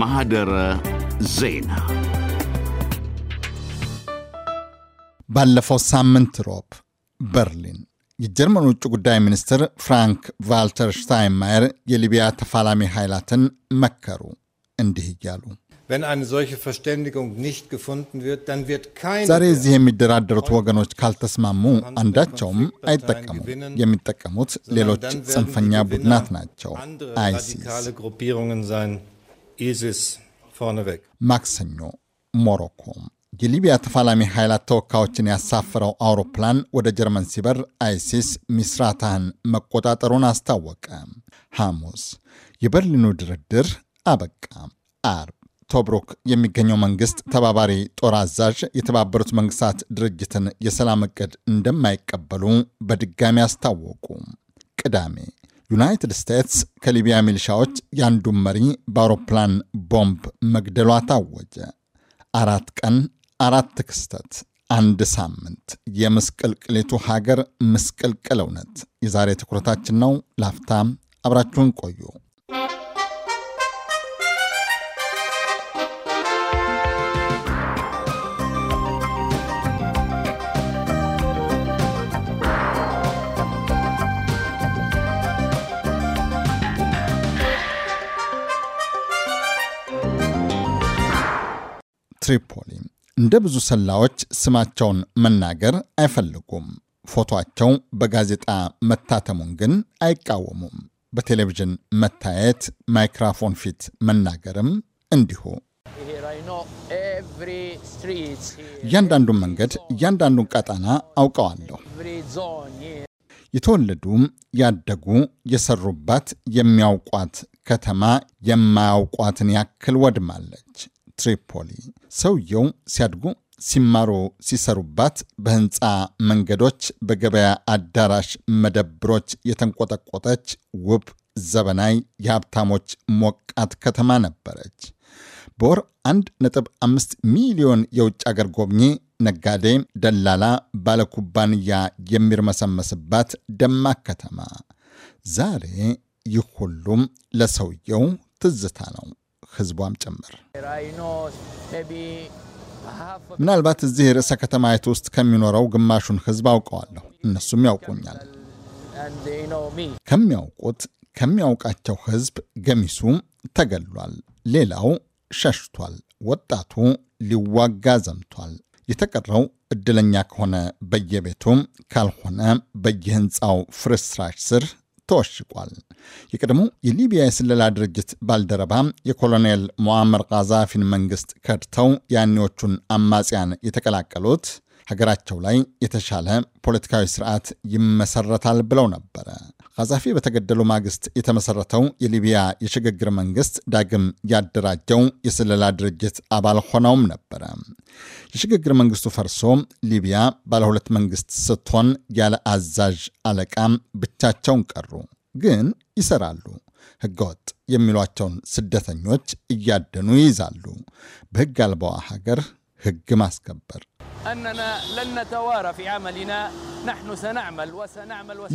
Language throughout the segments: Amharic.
ማህደረ ዜና ባለፈው ሳምንት ሮብ በርሊን የጀርመን ውጭ ጉዳይ ሚኒስትር ፍራንክ ቫልተር ሽታይንማየር የሊቢያ ተፋላሚ ኃይላትን መከሩ እንዲህ እያሉ ዛሬ እዚህ የሚደራደሩት ወገኖች ካልተስማሙ አንዳቸውም አይጠቀሙም። የሚጠቀሙት ሌሎች ጽንፈኛ ቡድናት ናቸው፣ አይሲስ። ማክሰኞ ሞሮኮ የሊቢያ ተፋላሚ ኃይላት ተወካዮችን ያሳፈረው አውሮፕላን ወደ ጀርመን ሲበር አይሲስ ሚስራታን መቆጣጠሩን አስታወቀ። ሐሙስ የበርሊኑ ድርድር አበቃ። አርብ ቶብሩክ የሚገኘው መንግስት ተባባሪ ጦር አዛዥ የተባበሩት መንግስታት ድርጅትን የሰላም እቅድ እንደማይቀበሉ በድጋሚ አስታወቁ። ቅዳሜ ዩናይትድ ስቴትስ ከሊቢያ ሚሊሻዎች የአንዱን መሪ በአውሮፕላን ቦምብ መግደሏ ታወጀ። አራት ቀን አራት ክስተት አንድ ሳምንት የምስቅልቅሌቱ ሀገር ምስቅልቅል እውነት የዛሬ ትኩረታችን ነው። ላፍታም አብራችሁን ቆዩ። ትሪፖሊ እንደ ብዙ ሰላዎች ስማቸውን መናገር አይፈልጉም። ፎቶአቸው በጋዜጣ መታተሙን ግን አይቃወሙም። በቴሌቪዥን መታየት፣ ማይክራፎን ፊት መናገርም እንዲሁ። እያንዳንዱን መንገድ፣ እያንዳንዱን ቀጠና አውቀዋለሁ። የተወለዱ ያደጉ፣ የሰሩባት፣ የሚያውቋት ከተማ የማያውቋትን ያክል ወድማለች። ትሪፖሊ። ሰውየው ሲያድጉ ሲማሩ ሲሰሩባት በህንፃ መንገዶች፣ በገበያ አዳራሽ መደብሮች የተንቆጠቆጠች ውብ ዘበናይ የሀብታሞች ሞቃት ከተማ ነበረች። በወር 1.5 ሚሊዮን የውጭ አገር ጎብኚ፣ ነጋዴ፣ ደላላ፣ ባለኩባንያ የሚርመሰመስባት ደማቅ ከተማ ዛሬ ይህ ሁሉም ለሰውየው ትዝታ ነው። ህዝቧም ጭምር። ምናልባት እዚህ ርዕሰ ከተማይቱ ውስጥ ከሚኖረው ግማሹን ህዝብ አውቀዋለሁ። እነሱም ያውቁኛል። ከሚያውቁት ከሚያውቃቸው ህዝብ ገሚሱ ተገሏል፣ ሌላው ሸሽቷል፣ ወጣቱ ሊዋጋ ዘምቷል። የተቀረው እድለኛ ከሆነ በየቤቱ ካልሆነ በየህንፃው ፍርስራሽ ስር ተወሽቋል። የቀድሞ የሊቢያ የስለላ ድርጅት ባልደረባ የኮሎኔል ሞአመር ቃዛፊን መንግስት ከድተው ያኔዎቹን አማጽያን የተቀላቀሉት ሀገራቸው ላይ የተሻለ ፖለቲካዊ ስርዓት ይመሰረታል ብለው ነበረ። ቀዛፊ በተገደሉ ማግስት የተመሰረተው የሊቢያ የሽግግር መንግስት ዳግም ያደራጀው የስለላ ድርጅት አባል ሆነውም ነበረ። የሽግግር መንግስቱ ፈርሶ ሊቢያ ባለሁለት መንግስት ስትሆን ያለ አዛዥ አለቃ ብቻቸውን ቀሩ። ግን ይሰራሉ። ህገወጥ የሚሏቸውን ስደተኞች እያደኑ ይይዛሉ። በህግ አልባዋ ሀገር ህግ ማስከበር أننا لن نتوارى في عملنا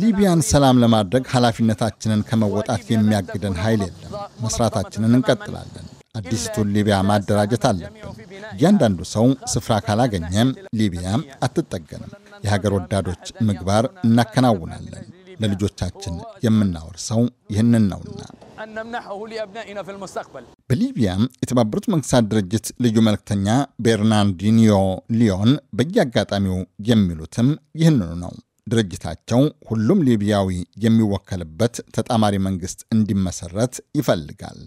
ሊቢያን ሰላም ለማድረግ ኃላፊነታችንን ከመወጣት የሚያግደን ኃይል የለም። መስራታችንን እንቀጥላለን። አዲስቱ ሊቢያ ማደራጀት አለብን። እያንዳንዱ ሰው ስፍራ ካላገኘም ሊቢያ አትጠገንም። የሀገር ወዳዶች ምግባር እናከናውናለን። ለልጆቻችን የምናወርሰው ይህንን ነውና። أن نمنحه لأبنائنا في المستقبل በሊቢያ የተባበሩት መንግስታት ድርጅት ልዩ መልእክተኛ ቤርናርዲኒዮ ሊዮን በየአጋጣሚው የሚሉትም ይህንኑ ነው። ድርጅታቸው ሁሉም ሊቢያዊ የሚወከልበት ተጣማሪ መንግስት እንዲመሰረት ይፈልጋል።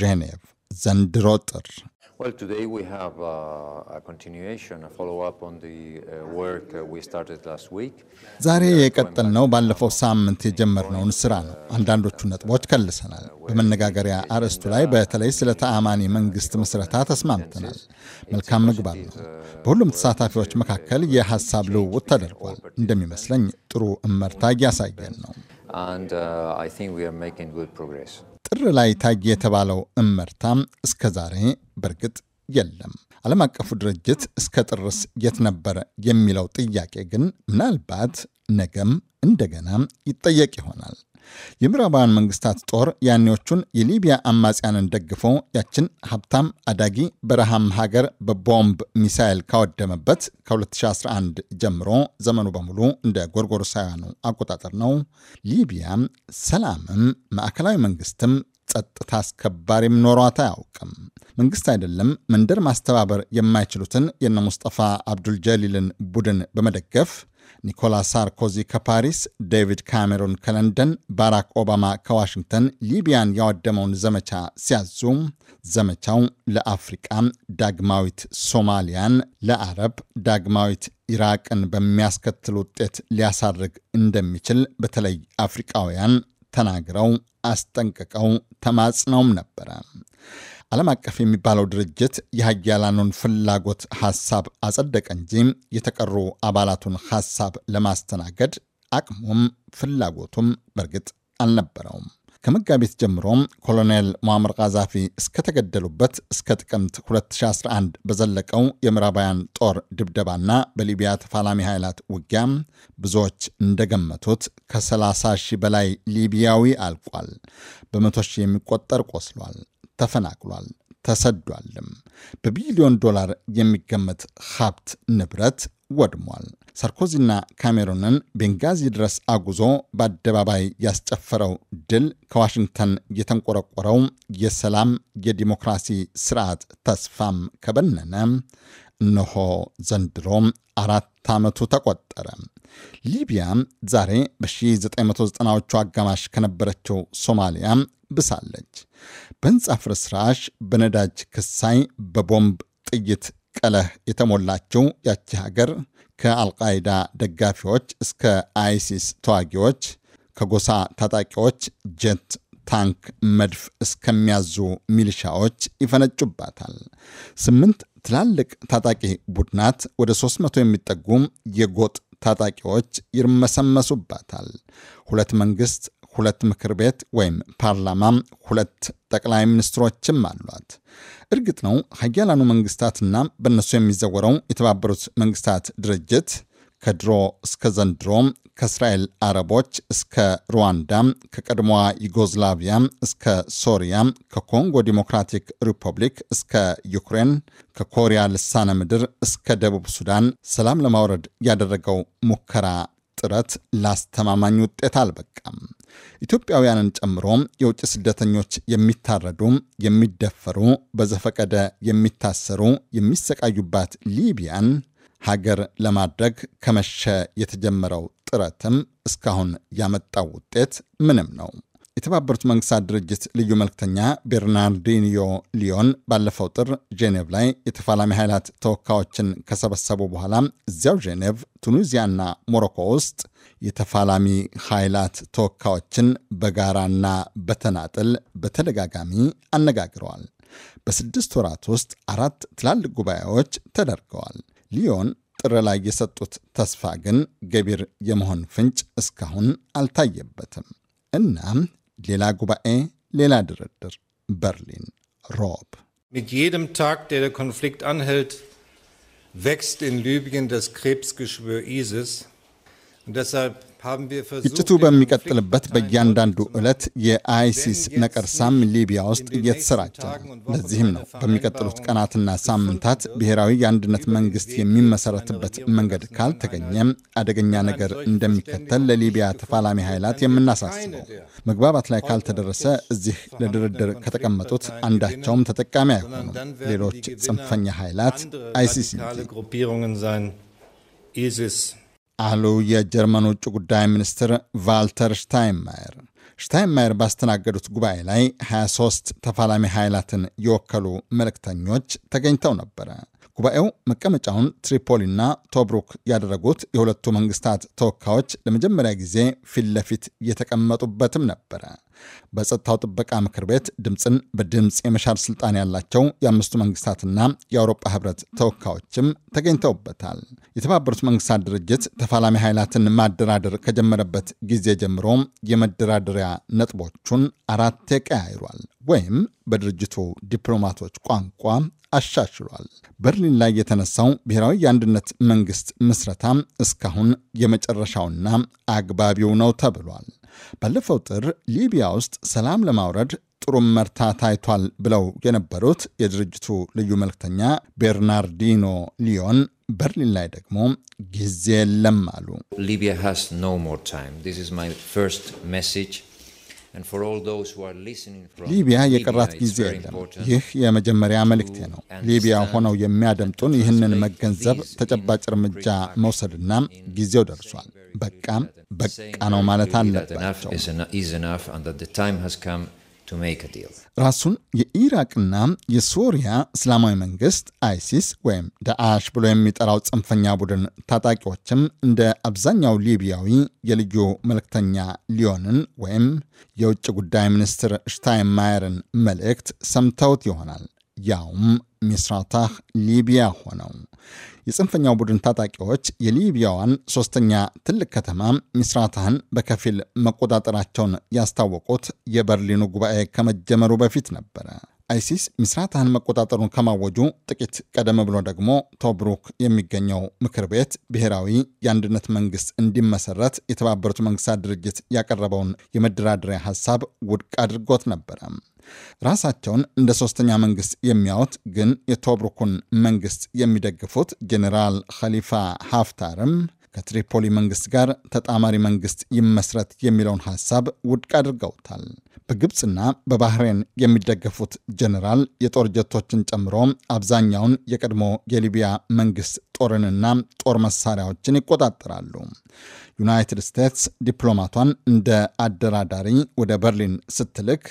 ዤኔቭ ዘንድሮ ጥር Well, today we have uh, a continuation, a follow-up on the uh, work we started last week. ዛሬ የቀጠልነው ባለፈው ሳምንት የጀመርነውን ስራ ነው። uh, አንዳንዶቹ ነጥቦች ከልሰናል። በመነጋገሪያ አርዕስቱ ላይ በተለይ ስለ ተአማኒ መንግስት ምስረታ ተስማምተናል። መልካም ምግባር ነው። በሁሉም ተሳታፊዎች መካከል የሀሳብ ልውውጥ ተደርጓል። እንደሚመስለኝ ጥሩ እመርታ እያሳየን ነው። And uh, I think we are making good progress. ጥር ላይ ታየ የተባለው እመርታም እስከ ዛሬ በእርግጥ የለም። ዓለም አቀፉ ድርጅት እስከ ጥርስ የት ነበረ የሚለው ጥያቄ ግን ምናልባት ነገም እንደገና ይጠየቅ ይሆናል። የምዕራባውያን መንግስታት ጦር ያኔዎቹን የሊቢያ አማጽያንን ደግፎ ያችን ሀብታም አዳጊ በረሃም ሀገር በቦምብ ሚሳይል ካወደመበት ከ2011 ጀምሮ ዘመኑ በሙሉ እንደ ጎርጎሮሳውያኑ አቆጣጠር ነው። ሊቢያ ሰላምም ማዕከላዊ መንግስትም ጸጥታ አስከባሪም ኖሯት አያውቅም። መንግስት አይደለም መንደር ማስተባበር የማይችሉትን የነ ሙስጠፋ አብዱል ጀሊልን ቡድን በመደገፍ ኒኮላስ ሳርኮዚ ከፓሪስ፣ ዴቪድ ካሜሮን ከለንደን፣ ባራክ ኦባማ ከዋሽንግተን ሊቢያን ያወደመውን ዘመቻ ሲያዙ ዘመቻው ለአፍሪቃ ዳግማዊት ሶማሊያን፣ ለአረብ ዳግማዊት ኢራቅን በሚያስከትል ውጤት ሊያሳርግ እንደሚችል በተለይ አፍሪቃውያን ተናግረው አስጠንቅቀው ተማጽነውም ነበረ። ዓለም አቀፍ የሚባለው ድርጅት የሀያላኑን ፍላጎት ሐሳብ አጸደቀ እንጂ የተቀሩ አባላቱን ሐሳብ ለማስተናገድ አቅሙም ፍላጎቱም በእርግጥ አልነበረውም። ከመጋቢት ጀምሮም ኮሎኔል ሞአምር ቃዛፊ እስከተገደሉበት እስከ ጥቅምት 2011 በዘለቀው የምዕራባውያን ጦር ድብደባና በሊቢያ ተፋላሚ ኃይላት ውጊያ ብዙዎች እንደገመቱት ከ30 ሺህ በላይ ሊቢያዊ አልቋል። በመቶ ሺህ የሚቆጠር ቆስሏል። ተፈናቅሏል፣ ተሰዷልም። በቢሊዮን ዶላር የሚገመት ሀብት ንብረት ወድሟል። ሳርኮዚና ካሜሩንን ቤንጋዚ ድረስ አጉዞ በአደባባይ ያስጨፈረው ድል ከዋሽንግተን የተንቆረቆረው የሰላም የዲሞክራሲ ስርዓት ተስፋም ከበነነ እነሆ ዘንድሮ አራት ዓመቱ ተቆጠረ። ሊቢያ ዛሬ በ1990ዎቹ አጋማሽ ከነበረችው ሶማሊያ ብሳለች። በህንፃ ፍርስራሽ፣ በነዳጅ ክሳይ፣ በቦምብ ጥይት ቀለህ የተሞላችው ያቺ ሀገር ከአልቃይዳ ደጋፊዎች እስከ አይሲስ ተዋጊዎች ከጎሳ ታጣቂዎች ጀት ታንክ፣ መድፍ እስከሚያዙ ሚሊሻዎች ይፈነጩባታል። ስምንት ትላልቅ ታጣቂ ቡድናት ወደ 300 የሚጠጉም የጎጥ ታጣቂዎች ይርመሰመሱባታል። ሁለት መንግስት ሁለት ምክር ቤት ወይም ፓርላማ፣ ሁለት ጠቅላይ ሚኒስትሮችም አሏት። እርግጥ ነው ሀያላኑ መንግስታትና በእነሱ የሚዘወረው የተባበሩት መንግስታት ድርጅት ከድሮ እስከ ዘንድሮ ከእስራኤል አረቦች እስከ ሩዋንዳ፣ ከቀድሞዋ ዩጎዝላቪያ እስከ ሶሪያ፣ ከኮንጎ ዲሞክራቲክ ሪፐብሊክ እስከ ዩክሬን፣ ከኮሪያ ልሳነ ምድር እስከ ደቡብ ሱዳን ሰላም ለማውረድ ያደረገው ሙከራ ጥረት ላስተማማኝ ውጤት አልበቃም። ኢትዮጵያውያንን ጨምሮ የውጭ ስደተኞች የሚታረዱ፣ የሚደፈሩ፣ በዘፈቀደ የሚታሰሩ፣ የሚሰቃዩባት ሊቢያን ሀገር ለማድረግ ከመሸ የተጀመረው ጥረትም እስካሁን ያመጣው ውጤት ምንም ነው። የተባበሩት መንግስታት ድርጅት ልዩ መልክተኛ ቤርናርዲኒዮ ሊዮን ባለፈው ጥር ጄኔቭ ላይ የተፋላሚ ኃይላት ተወካዮችን ከሰበሰቡ በኋላ እዚያው ጄኔቭ ቱኒዚያና ሞሮኮ ውስጥ የተፋላሚ ኃይላት ተወካዮችን በጋራና በተናጥል በተደጋጋሚ አነጋግረዋል። በስድስት ወራት ውስጥ አራት ትላልቅ ጉባኤዎች ተደርገዋል። ሊዮን ጥር ላይ የሰጡት ተስፋ ግን ገቢር የመሆን ፍንጭ እስካሁን አልታየበትም። እናም ሌላ ጉባኤ፣ ሌላ ድርድር። በርሊን ሮብ Mit jedem Tag, der der Konflikt anhält, wächst in Libyen das Krebsgeschwür ISIS. ግጭቱ በሚቀጥልበት በእያንዳንዱ ዕለት የአይሲስ ነቀርሳም ሊቢያ ውስጥ እየተሰራጨ ነው። ለዚህም ነው በሚቀጥሉት ቀናትና ሳምንታት ብሔራዊ የአንድነት መንግስት የሚመሰረትበት መንገድ ካልተገኘም አደገኛ ነገር እንደሚከተል ለሊቢያ ተፋላሚ ኃይላት የምናሳስበው። መግባባት ላይ ካልተደረሰ እዚህ ለድርድር ከተቀመጡት አንዳቸውም ተጠቃሚ አይሆኑም። ሌሎች ጽንፈኛ ኃይላት አይሲስ አሉ የጀርመን ውጭ ጉዳይ ሚኒስትር ቫልተር ሽታይንማየር። ሽታይንማየር ባስተናገዱት ጉባኤ ላይ 23 ተፋላሚ ኃይላትን የወከሉ መልእክተኞች ተገኝተው ነበረ። ጉባኤው መቀመጫውን ትሪፖሊና ቶብሩክ ያደረጉት የሁለቱ መንግስታት ተወካዮች ለመጀመሪያ ጊዜ ፊት ለፊት የተቀመጡበትም ነበረ። በጸጥታው ጥበቃ ምክር ቤት ድምፅን በድምፅ የመሻር ስልጣን ያላቸው የአምስቱ መንግስታትና የአውሮፓ ህብረት ተወካዮችም ተገኝተውበታል። የተባበሩት መንግስታት ድርጅት ተፋላሚ ኃይላትን ማደራደር ከጀመረበት ጊዜ ጀምሮ የመደራደሪያ ነጥቦቹን አራት ቀያይሯል ወይም በድርጅቱ ዲፕሎማቶች ቋንቋ አሻሽሏል። በርሊን ላይ የተነሳው ብሔራዊ የአንድነት መንግስት ምስረታ እስካሁን የመጨረሻውና አግባቢው ነው ተብሏል። ባለፈው ጥር ሊቢያ ውስጥ ሰላም ለማውረድ ጥሩ መርታ ታይቷል ብለው የነበሩት የድርጅቱ ልዩ መልክተኛ ቤርናርዲኖ ሊዮን በርሊን ላይ ደግሞ ጊዜ የለም አሉ። ሊቢያ ኖ ሊቢያ የቀራት ጊዜ የለም። ይህ የመጀመሪያ መልእክቴ ነው። ሊቢያ ሆነው የሚያደምጡን ይህንን መገንዘብ፣ ተጨባጭ እርምጃ መውሰድና ጊዜው ደርሷል፣ በቃም በቃ ነው ማለት አለባቸው። ራሱን የኢራቅና የሶሪያ እስላማዊ መንግስት አይሲስ ወይም ዳአሽ ብሎ የሚጠራው ጽንፈኛ ቡድን ታጣቂዎችም እንደ አብዛኛው ሊቢያዊ የልዩ መልክተኛ ሊዮንን ወይም የውጭ ጉዳይ ሚኒስትር ሽታይንማየርን መልእክት ሰምተውት ይሆናል። ያውም ሚስራታህ ሊቢያ ሆነው የጽንፈኛው ቡድን ታጣቂዎች የሊቢያዋን ሶስተኛ ትልቅ ከተማ ሚስራታህን በከፊል መቆጣጠራቸውን ያስታወቁት የበርሊኑ ጉባኤ ከመጀመሩ በፊት ነበረ። አይሲስ ሚስራታህን መቆጣጠሩን ከማወጁ ጥቂት ቀደም ብሎ ደግሞ ቶብሩክ የሚገኘው ምክር ቤት ብሔራዊ የአንድነት መንግስት እንዲመሰረት የተባበሩት መንግስታት ድርጅት ያቀረበውን የመደራደሪያ ሀሳብ ውድቅ አድርጎት ነበረ። ራሳቸውን እንደ ሶስተኛ መንግስት የሚያዩት ግን የቶብሩኩን መንግስት የሚደግፉት ጄኔራል ኸሊፋ ሀፍታርም ከትሪፖሊ መንግስት ጋር ተጣማሪ መንግስት ይመስረት የሚለውን ሐሳብ ውድቅ አድርገውታል። በግብፅና በባህሬን የሚደገፉት ጀነራል የጦር ጀቶችን ጨምሮ አብዛኛውን የቀድሞ የሊቢያ መንግስት ጦርንና ጦር መሳሪያዎችን ይቆጣጠራሉ። ዩናይትድ ስቴትስ ዲፕሎማቷን እንደ አደራዳሪ ወደ በርሊን ስትልክ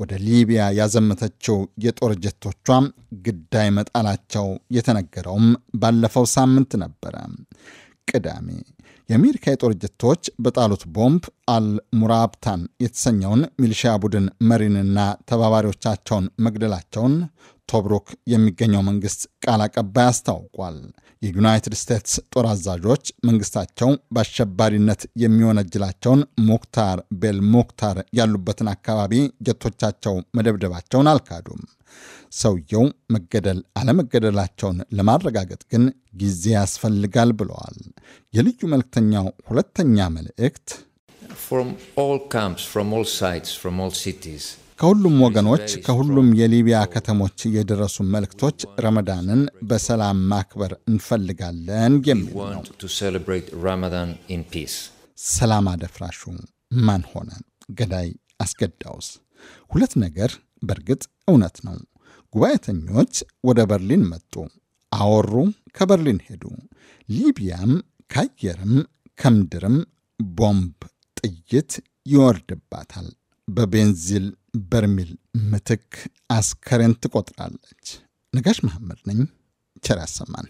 ወደ ሊቢያ ያዘመተችው የጦር ጀቶቿ ግዳይ መጣላቸው የተነገረውም ባለፈው ሳምንት ነበረ። ቅዳሜ የአሜሪካ የጦር ጀቶች በጣሉት ቦምብ አልሙራብታን የተሰኘውን ሚሊሺያ ቡድን መሪንና ተባባሪዎቻቸውን መግደላቸውን ቶብሩክ የሚገኘው መንግስት ቃል አቀባይ አስታውቋል። የዩናይትድ ስቴትስ ጦር አዛዦች መንግስታቸው በአሸባሪነት የሚወነጅላቸውን ሙክታር ቤል ሙክታር ያሉበትን አካባቢ ጀቶቻቸው መደብደባቸውን አልካዱም። ሰውየው መገደል አለመገደላቸውን ለማረጋገጥ ግን ጊዜ ያስፈልጋል ብለዋል። የልዩ መልእክተኛው ሁለተኛ መልእክት ከሁሉም ወገኖች ከሁሉም የሊቢያ ከተሞች የደረሱ መልእክቶች ረመዳንን በሰላም ማክበር እንፈልጋለን የሚል ነው። ሰላም አደፍራሹ ማን ሆነ? ገዳይ አስገዳውስ? ሁለት ነገር በእርግጥ እውነት ነው። ጉባኤተኞች ወደ በርሊን መጡ፣ አወሩ፣ ከበርሊን ሄዱ። ሊቢያም ከአየርም ከምድርም ቦምብ ጥይት ይወርድባታል በቤንዚል በርሚል ምትክ አስከሬን ትቆጥራለች። ነጋሽ መሐመድ ነኝ። ቸር ያሰማን።